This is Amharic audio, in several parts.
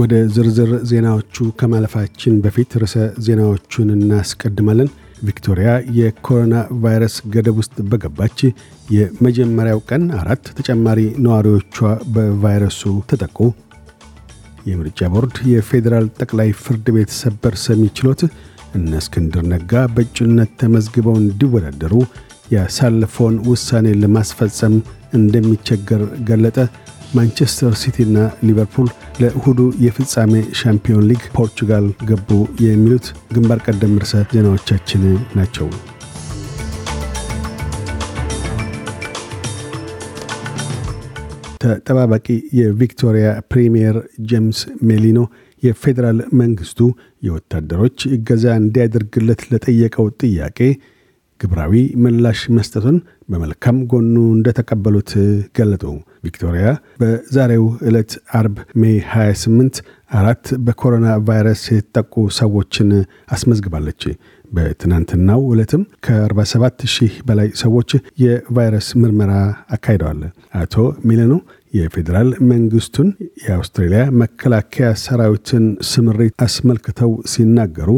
ወደ ዝርዝር ዜናዎቹ ከማለፋችን በፊት ርዕሰ ዜናዎቹን እናስቀድማለን። ቪክቶሪያ የኮሮና ቫይረስ ገደብ ውስጥ በገባች የመጀመሪያው ቀን አራት ተጨማሪ ነዋሪዎቿ በቫይረሱ ተጠቁ። የምርጫ ቦርድ የፌዴራል ጠቅላይ ፍርድ ቤት ሰበር ሰሚ ችሎት እነ እስክንድር ነጋ በእጩነት ተመዝግበው እንዲወዳደሩ ያሳለፈውን ውሳኔ ለማስፈጸም እንደሚቸገር ገለጠ። ማንቸስተር ሲቲ እና ሊቨርፑል ለእሁዱ የፍጻሜ ሻምፒዮን ሊግ ፖርቹጋል ገቡ የሚሉት ግንባር ቀደም ርዕሰ ዜናዎቻችን ናቸው። ተጠባባቂ የቪክቶሪያ ፕሪምየር ጄምስ ሜሊኖ የፌዴራል መንግስቱ የወታደሮች እገዛ እንዲያደርግለት ለጠየቀው ጥያቄ ግብራዊ ምላሽ መስጠቱን በመልካም ጎኑ እንደተቀበሉት ገለጡ። ቪክቶሪያ በዛሬው ዕለት አርብ ሜ 28 አራት በኮሮና ቫይረስ የተጠቁ ሰዎችን አስመዝግባለች። በትናንትናው ዕለትም ከ47 ሺህ በላይ ሰዎች የቫይረስ ምርመራ አካሂደዋል። አቶ ሚለኖ የፌዴራል መንግስቱን የአውስትሬልያ መከላከያ ሰራዊትን ስምሪት አስመልክተው ሲናገሩ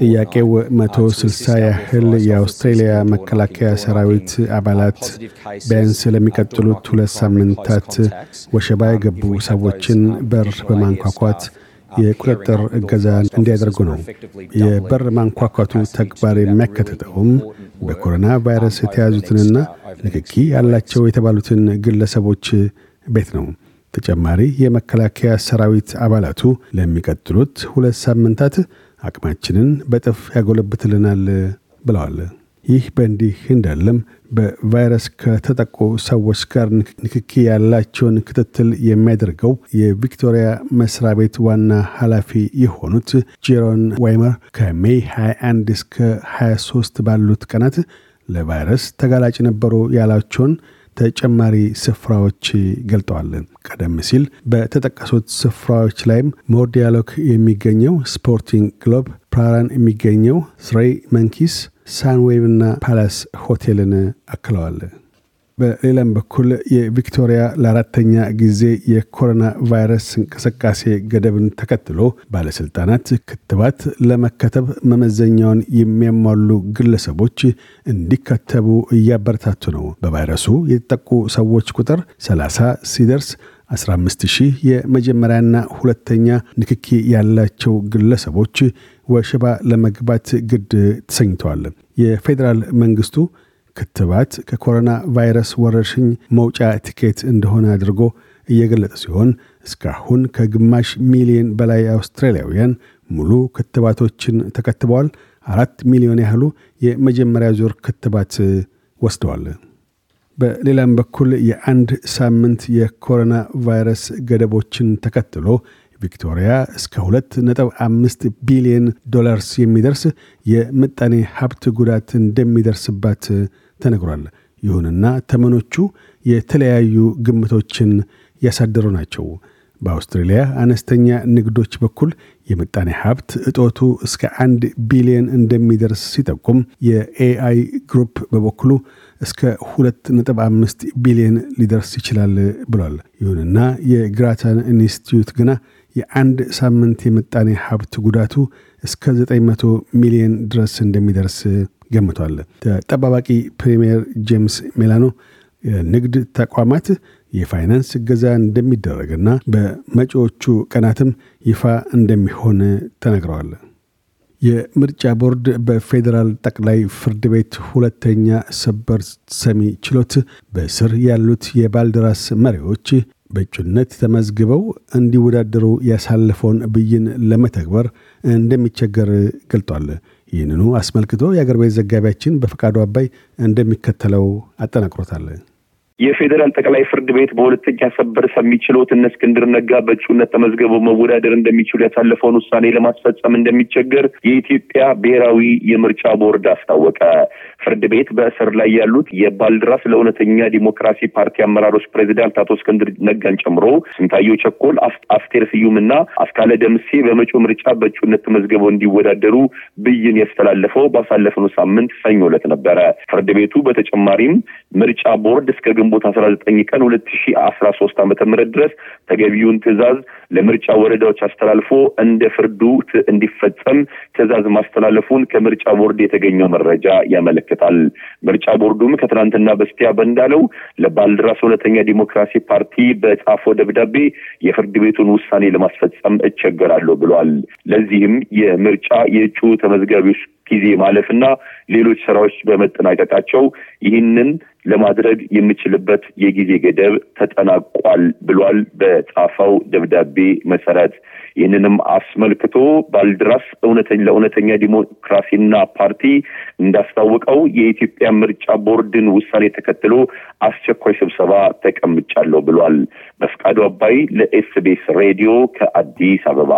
ጥያቄው 160 ያህል የአውስትሬልያ መከላከያ ሰራዊት አባላት ቢያንስ ለሚቀጥሉት ሁለት ሳምንታት ወሸባ የገቡ ሰዎችን በር በማንኳኳት የቁጥጥር እገዛ እንዲያደርጉ ነው። የበር ማንኳኳቱ ተግባር የሚያከትተውም በኮሮና ቫይረስ የተያዙትንና ንክኪ ያላቸው የተባሉትን ግለሰቦች ቤት ነው። በተጨማሪ የመከላከያ ሰራዊት አባላቱ ለሚቀጥሉት ሁለት ሳምንታት አቅማችንን በጥፍ ያጎለብትልናል ብለዋል። ይህ በእንዲህ እንዳለም በቫይረስ ከተጠቁ ሰዎች ጋር ንክኪ ያላቸውን ክትትል የሚያደርገው የቪክቶሪያ መስሪያ ቤት ዋና ኃላፊ የሆኑት ጄሮን ዋይመር ከሜይ 21 እስከ 23 ባሉት ቀናት ለቫይረስ ተጋላጭ ነበሩ ያላቸውን ተጨማሪ ስፍራዎች ገልጠዋል። ቀደም ሲል በተጠቀሱት ስፍራዎች ላይም ሞርዲያሎክ የሚገኘው ስፖርቲንግ ክሎብ፣ ፕራራን የሚገኘው ስሬይ መንኪስ፣ ሳንዌብና ፓላስ ሆቴልን አክለዋል። በሌላም በኩል የቪክቶሪያ ለአራተኛ ጊዜ የኮሮና ቫይረስ እንቅስቃሴ ገደብን ተከትሎ ባለስልጣናት ክትባት ለመከተብ መመዘኛውን የሚያሟሉ ግለሰቦች እንዲከተቡ እያበረታቱ ነው። በቫይረሱ የተጠቁ ሰዎች ቁጥር 30 ሲደርስ 15 ሺህ የመጀመሪያና ሁለተኛ ንክኪ ያላቸው ግለሰቦች ወሸባ ለመግባት ግድ ተሰኝተዋል። የፌዴራል መንግስቱ ክትባት ከኮሮና ቫይረስ ወረርሽኝ መውጫ ቲኬት እንደሆነ አድርጎ እየገለጸ ሲሆን እስካሁን ከግማሽ ሚሊዮን በላይ አውስትራሊያውያን ሙሉ ክትባቶችን ተከትበዋል። አራት ሚሊዮን ያህሉ የመጀመሪያ ዙር ክትባት ወስደዋል። በሌላም በኩል የአንድ ሳምንት የኮሮና ቫይረስ ገደቦችን ተከትሎ ቪክቶሪያ እስከ 2.5 ቢሊዮን ዶላርስ የሚደርስ የምጣኔ ሀብት ጉዳት እንደሚደርስባት ተነግሯል። ይሁንና ተመኖቹ የተለያዩ ግምቶችን ያሳደሩ ናቸው። በአውስትሬልያ አነስተኛ ንግዶች በኩል የምጣኔ ሀብት እጦቱ እስከ አንድ ቢሊዮን እንደሚደርስ ሲጠቁም የኤአይ ግሩፕ በበኩሉ እስከ 25 ነጥብ ቢሊዮን ሊደርስ ይችላል ብሏል። ይሁንና የግራታን ኢንስቲትዩት ግና የአንድ ሳምንት የምጣኔ ሀብት ጉዳቱ እስከ 900 ሚሊዮን ድረስ እንደሚደርስ ገምቷል። ተጠባባቂ ፕሪምየር ጄምስ ሜላኖ የንግድ ተቋማት የፋይናንስ እገዛ እንደሚደረግና በመጪዎቹ ቀናትም ይፋ እንደሚሆን ተነግረዋል። የምርጫ ቦርድ በፌዴራል ጠቅላይ ፍርድ ቤት ሁለተኛ ሰበር ሰሚ ችሎት በስር ያሉት የባልደራስ መሪዎች በእጩነት ተመዝግበው እንዲወዳደሩ ያሳለፈውን ብይን ለመተግበር እንደሚቸገር ገልጧል። ይህንኑ አስመልክቶ የአገር ቤት ዘጋቢያችን በፈቃዱ አባይ እንደሚከተለው አጠናቅሮታል። የፌዴራል ጠቅላይ ፍርድ ቤት በሁለተኛ ሰበር ሰሚ ችሎት እነ እስክንድር ነጋ በእጩነት ተመዝግበው መወዳደር እንደሚችሉ ያሳለፈውን ውሳኔ ለማስፈጸም እንደሚቸገር የኢትዮጵያ ብሔራዊ የምርጫ ቦርድ አስታወቀ። ፍርድ ቤት በእስር ላይ ያሉት የባልድራስ ለእውነተኛ ዲሞክራሲ ፓርቲ አመራሮች ፕሬዚዳንት አቶ እስክንድር ነጋን ጨምሮ ስንታየው ቸኮል፣ አስቴር እና አስካለ ደምሴ በመጪው ምርጫ በእጩነት ተመዝግበው እንዲወዳደሩ ብይን ያስተላለፈው ባሳለፍነው ሳምንት ሰኞ ዕለት ነበረ። ፍርድ ቤቱ በተጨማሪም ምርጫ ቦርድ እስከ ግንቦት አስራ ዘጠኝ ቀን ሁለት ሺ አስራ ሶስት አመተ ምህረት ድረስ ተገቢውን ትዕዛዝ ለምርጫ ወረዳዎች አስተላልፎ እንደ ፍርዱ እንዲፈጸም ትዕዛዝ ማስተላለፉን ከምርጫ ቦርድ የተገኘው መረጃ ያመለክታል። ምርጫ ቦርዱም ከትናንትና በስቲያ በእንዳለው ለባልድራስ ሁለተኛ ዲሞክራሲ ፓርቲ በጻፈው ደብዳቤ የፍርድ ቤቱን ውሳኔ ለማስፈጸም እቸገራለሁ ብሏል። ለዚህም የምርጫ የእጩ ተመዝጋቢዎች ጊዜ ማለፍና ሌሎች ስራዎች በመጠናቀቃቸው ይህንን ለማድረግ የምችልበት የጊዜ ገደብ ተጠናቋል ብሏል በጻፈው ደብዳቤ መሰረት። ይህንንም አስመልክቶ ባልድራስ እውነተኝ ለእውነተኛ ዲሞክራሲና ፓርቲ እንዳስታወቀው የኢትዮጵያ ምርጫ ቦርድን ውሳኔ ተከትሎ አስቸኳይ ስብሰባ ተቀምጫለሁ ብሏል። በፍቃዱ አባይ ለኤስቢኤስ ሬዲዮ ከአዲስ አበባ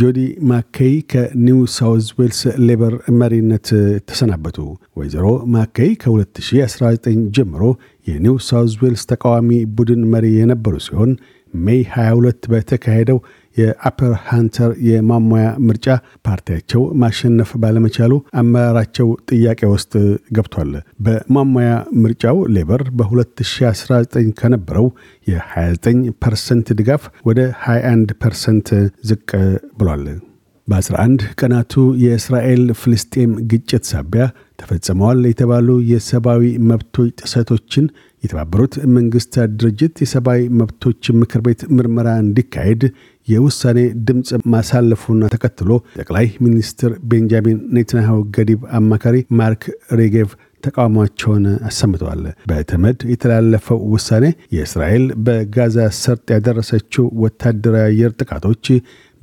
ጆዲ ማከይ ከኒው ሳውዝ ዌልስ ሌበር መሪነት ተሰናበቱ። ወይዘሮ ማከይ ከ2019 ጀምሮ የኒው ሳውዝ ዌልስ ተቃዋሚ ቡድን መሪ የነበሩ ሲሆን ሜይ 22 በተካሄደው የአፐር ሃንተር የማሟያ ምርጫ ፓርቲያቸው ማሸነፍ ባለመቻሉ አመራራቸው ጥያቄ ውስጥ ገብቷል። በማሟያ ምርጫው ሌበር በ2019 ከነበረው የ29 ፐርሰንት ድጋፍ ወደ 21 ፐርሰንት ዝቅ ብሏል። በ11 ቀናቱ የእስራኤል ፍልስጤም ግጭት ሳቢያ ተፈጽመዋል የተባሉ የሰብአዊ መብቶች ጥሰቶችን የተባበሩት መንግሥታት ድርጅት የሰብአዊ መብቶች ምክር ቤት ምርመራ እንዲካሄድ የውሳኔ ድምፅ ማሳለፉን ተከትሎ ጠቅላይ ሚኒስትር ቤንጃሚን ኔትንያሁ ገዲብ አማካሪ ማርክ ሬጌቭ ተቃውሟቸውን አሰምተዋል። በተመድ የተላለፈው ውሳኔ የእስራኤል በጋዛ ሰርጥ ያደረሰችው ወታደራዊ አየር ጥቃቶች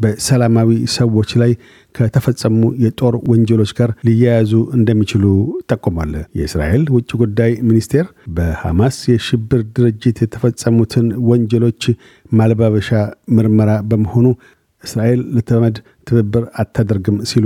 በሰላማዊ ሰዎች ላይ ከተፈጸሙ የጦር ወንጀሎች ጋር ሊያያዙ እንደሚችሉ ጠቁሟል። የእስራኤል ውጭ ጉዳይ ሚኒስቴር በሐማስ የሽብር ድርጅት የተፈጸሙትን ወንጀሎች ማለባበሻ ምርመራ በመሆኑ እስራኤል ለተመድ ትብብር አታደርግም ሲሉ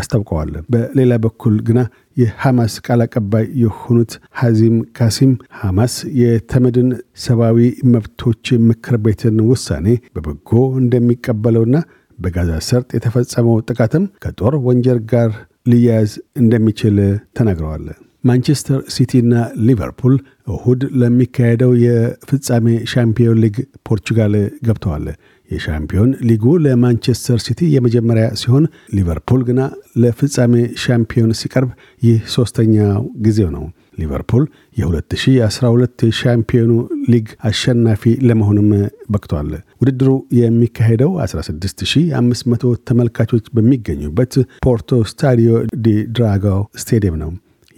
አስታውቀዋል። በሌላ በኩል ግና የሐማስ ቃል አቀባይ የሆኑት ሐዚም ካሲም ሐማስ የተመድን ሰብአዊ መብቶች ምክር ቤትን ውሳኔ በበጎ እንደሚቀበለውና በጋዛ ሰርጥ የተፈጸመው ጥቃትም ከጦር ወንጀር ጋር ሊያያዝ እንደሚችል ተናግረዋል። ማንቸስተር ሲቲና ሊቨርፑል እሁድ ለሚካሄደው የፍጻሜ ሻምፒዮን ሊግ ፖርቹጋል ገብተዋል። የሻምፒዮን ሊጉ ለማንቸስተር ሲቲ የመጀመሪያ ሲሆን ሊቨርፑል ግና ለፍጻሜ ሻምፒዮን ሲቀርብ ይህ ሦስተኛው ጊዜው ነው። ሊቨርፑል የ2012 የሻምፒዮኑ ሊግ አሸናፊ ለመሆንም በቅቷል። ውድድሩ የሚካሄደው 16500 ተመልካቾች በሚገኙበት ፖርቶ ስታዲዮ ዲ ድራጋው ስቴዲየም ነው።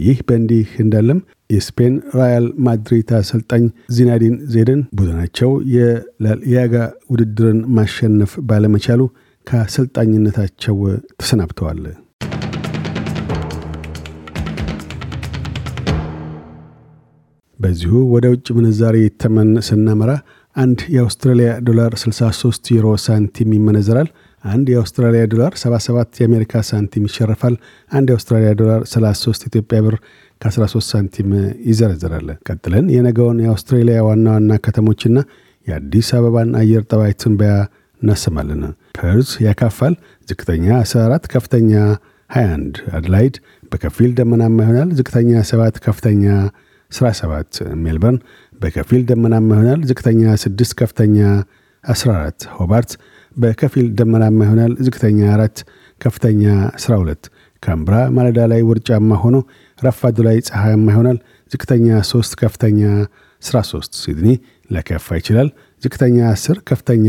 ይህ በእንዲህ እንዳለም የስፔን ራያል ማድሪድ አሰልጣኝ ዚናዲን ዜደን ቡድናቸው የላሊያጋ ውድድርን ማሸነፍ ባለመቻሉ ከአሰልጣኝነታቸው ተሰናብተዋል። በዚሁ ወደ ውጭ ምንዛሪ ተመን ስናመራ አንድ የአውስትራሊያ ዶላር 63 ዩሮ ሳንቲም ይመነዘራል። አንድ የአውስትራሊያ ዶላር 77 የአሜሪካ ሳንቲም ይሸርፋል። አንድ የአውስትራሊያ ዶላር 33 ኢትዮጵያ ብር ከ13 ሳንቲም ይዘረዘራል ቀጥለን የነገውን የአውስትሬሊያ ዋና ዋና ከተሞችና የአዲስ አበባን አየር ጠባይ ትንበያ እናሰማለን። ፐርዝ ያካፋል። ዝቅተኛ 14፣ ከፍተኛ 21። አድላይድ በከፊል ደመናማ ይሆናል። ዝቅተኛ 7፣ ከፍተኛ 17። ሜልበርን በከፊል ደመናማ ይሆናል። ዝቅተኛ 6፣ ከፍተኛ 14። ሆባርት በከፊል ደመናማ ይሆናል። ዝቅተኛ አራት ከፍተኛ 12 ካምብራ ማለዳ ላይ ውርጫማ ሆኖ ረፋዱ ላይ ፀሐያማ ይሆናል። ዝቅተኛ 3 ከፍተኛ 13 ሲድኒ ለከፋ ይችላል። ዝቅተኛ 10 ከፍተኛ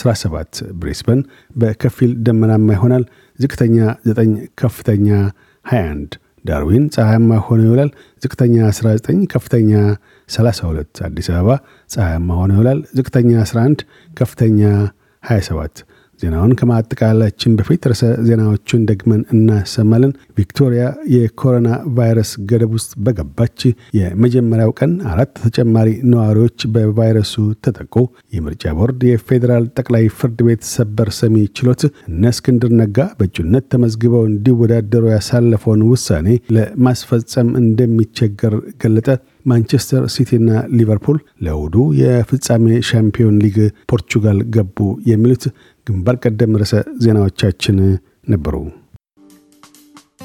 17 ብሬስበን በከፊል ደመናማ ይሆናል። ዝቅተኛ 9 ከፍተኛ 21 ዳርዊን ፀሐያማ ሆኖ ይውላል። ዝቅተኛ 19 ከፍተኛ 32 አዲስ አበባ ፀሐያማ ሆኖ ይውላል። ዝቅተኛ 11 ከፍተኛ häisävät ዜናውን ከማጠቃላችን በፊት ርዕሰ ዜናዎቹን ደግመን እናሰማለን። ቪክቶሪያ የኮሮና ቫይረስ ገደብ ውስጥ በገባች የመጀመሪያው ቀን አራት ተጨማሪ ነዋሪዎች በቫይረሱ ተጠቁ። የምርጫ ቦርድ፣ የፌዴራል ጠቅላይ ፍርድ ቤት ሰበር ሰሚ ችሎት እነ እስክንድር ነጋ በእጩነት ተመዝግበው እንዲወዳደሩ ያሳለፈውን ውሳኔ ለማስፈጸም እንደሚቸገር ገለጠ። ማንቸስተር ና ሊቨርፑል ለውዱ የፍጻሜ ሻምፒዮን ሊግ ፖርቹጋል ገቡ። የሚሉት ግንባር ቀደም ርዕሰ ዜናዎቻችን ነበሩ።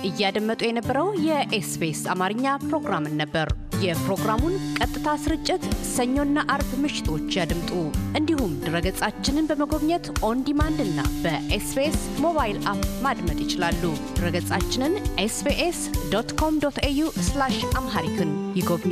እያደመጡ የነበረው የኤስቢኤስ አማርኛ ፕሮግራምን ነበር። የፕሮግራሙን ቀጥታ ስርጭት ሰኞና አርብ ምሽቶች ያድምጡ። እንዲሁም ድረገጻችንን በመጎብኘት ኦንዲማንድ እና በኤስቢኤስ ሞባይል አፕ ማድመጥ ይችላሉ። ድረገጻችንን ኤስቢኤስ ኮም ዶት ኤዩ አምሃሪክን ይጎብኙ።